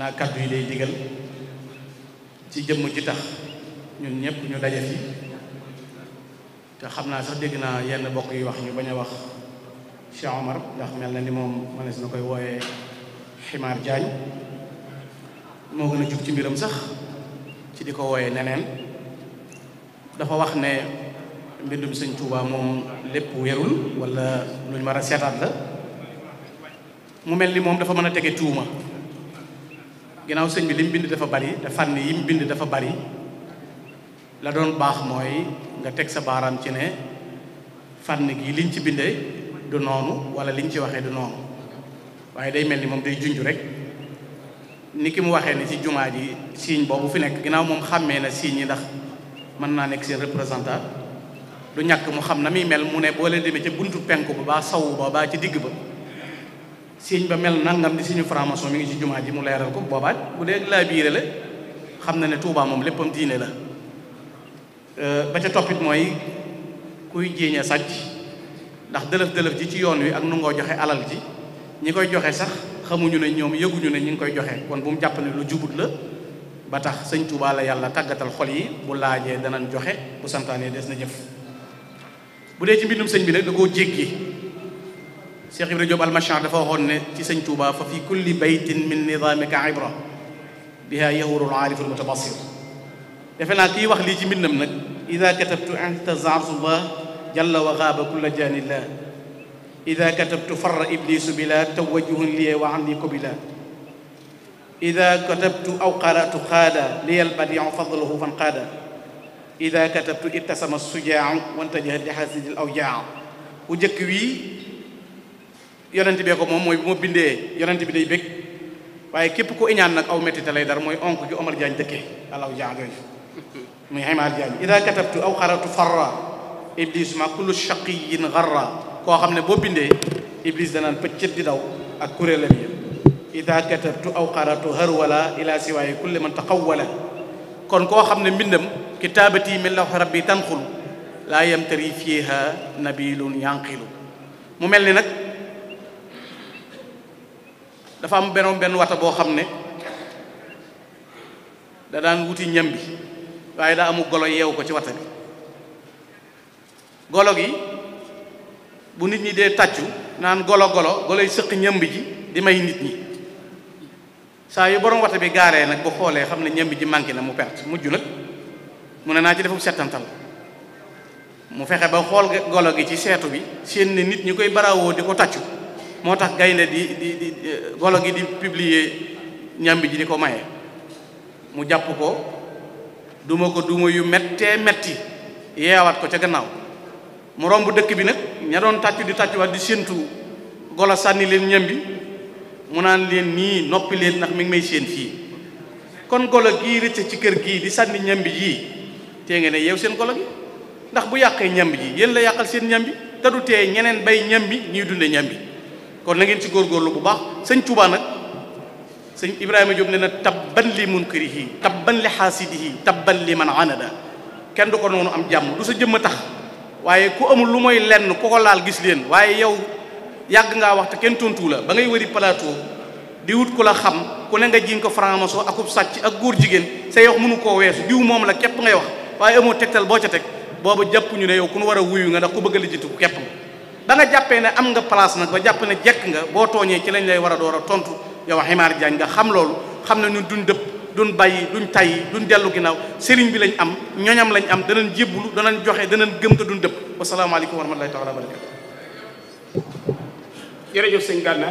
naa kàddu yi day digal ci jëmm ji tax ñun ñëpp ñu daje fi te xam naa sax dégg naa yenn bokk yi wax ñu bañ a wax Cheikh Omar ndax mel na ni moom mënees na koy wooye Ximaar Jaañ moo gën a jug ci mbiram sax ci di ko wooyee neneen dafa wax ne mbindum sëñ Tuubaa moom lépp wérul walla lu mar a seetaat la mu mel ni moom dafa mën a tege tuuma ginnaaw sëñ bi li mu bind dafa bari te fànn yi mu bind dafa bari la doon baax mooy nga teg sa baaraam ci ne fànn gi liñ ci bindee du noonu wala liñ ci waxee du noonu waaye day mel ni moom day junju rek ni ki mu waxee ni ci jumaa ji signe boobu fi nekk ginnaaw moom xàmmee na signe yi ndax mën naa nekk seen représentant du ñàkk mu xam na muy mel mu ne boo leen demee ca buntu penku ba baa sawu ba baa ci digg ba sëñ ba mel nangam di suñu franc mi ngi ci jumaa ji mu leeral ko boobaat bu dee laa la xam na ne Touba moom léppam diine la euh, ba ca toppit mooy kuy jéeñe sàcc ndax dëlëf-dëlëf ji ci yoon wi ak nu ngoo joxe alal ji ñi koy joxe sax xamuñu ne ñoom yëguñu ne ñi ngi koy joxe kon bu mu jàpp ne lu jubut la ba tax sëñ Touba la yàlla tàggatal xol yi bu laajee danañ joxe bu santaanee des na jëf bu dee ci mbindum sëñ bi da koo jéggi Cheikh Ibra Diop almachan dafa waxoon ne ci sëñ Touba fa fi kulli baytin min nidaamika ibra biha yahuru aarifu almutabasir defe naa kii wax lii ci mbindam nag ida katabtu intazartullah jalla wa xaaba kulla jaanillah ida katabtu farra iblisu bila tawajjuhun liye wa anni kubila ida katabtu aw qaratu xaada liyal badiu fadluhu fan qaada ida katabtu ittasama sujaau wantajaha li hasidil awjaa bu jëkk wii yonent bee moom mooy bu ma bindee bi day bég waaye képp ko iñaan nag aw metti lay dara mooy onk ju Omar Diagne dëkke alaw jaagoy muy Omar Diagne ida katabtu aw xaratu farra iblis ma kullu koo xam ne boo bindee iblis danaan pëccët di daw ak kuréelam aw xaratu harwala ila siwaaye kulli man taqawwala kon koo xam ne mbindam kitaabati min lawx rabbi tanxulu laa yamtari fiiha nabilun yanqilu mu mel ni nag dafa am benoon benn wata boo xam ne da daan wuti ñambi waaye daa amu golo yeewu ko ci wata bi golo gi bu nit ñi dee tàccu naan golo golo goloy sëq ñambi ji di may nit ñi saa yu borom wata bi gaaree nag bu xoolee xam ne ñëmb ji manqué na mu perte mujj nag mu ne naa ci defub settantal mu fexe ba xool golo gi ci seetu bi seen ne nit ñu koy barawoo di ko taccu moo tax gaynde di di di golo gi di publier ñambi ji di ko maye mu jàpp ko duma ko duma yu mettee metti yeewaat ko ca gannaaw morom romb dëkk bi nag ña doon tàccu di tàccuwaat di séentu golo sànni leen ñambi mu naan leen nii noppi leen ndax mi ngi may séen fii kon golo gii rëcc ci kër gii di sànni ñambi ji tee ngeen ne yeew seen golo gi ndax bu yàqee ñambi ji yéen la yàqal seen ñambi te du tee ñeneen bay ñambi ñuy dunde ñambi kon na ngeen ci góorgóorlu bu baax sëñ Touba nag sëñ Ibrahima Diop ne na tabban li munkarihi tabban li xaasidihi tabban li man anada kenn du ko noonu am jàmm du sa jëmm tax waaye ku amul lu mooy lenn ku ko laal gis leen waaye yow yàgg ngaa wax te kenn tontuwu la ba ngay wëri plateau di wut ku la xam ku ne nga jiñ ko franc-maçon akub sàcc ak góor jigéen say wax mënu koo weesu diw moom la képp ngay wax waaye amoo tegtal boo ca teg booba jàpp ñu ne yow ku nu war a wuyu nga ndax ku bëgg a lijjitu képp ba nga ne am nga place nag ba jàpp ne jekk nga boo tooñee ci lañ lay war a door a tontu yow Ximaar Jaañ nga xam loolu xam ne ñun duñ dëpp duñ bàyyi duñ tayyi duñ dellu ginnaaw sëriñ bi lañ am ñoñam lañ am danañ jébbulu danañ joxe danañ gëm te duñ dëpp wasalaamaaleykum wa rahmatullahi taala wa barakatu jërëjëf sëñ Gànna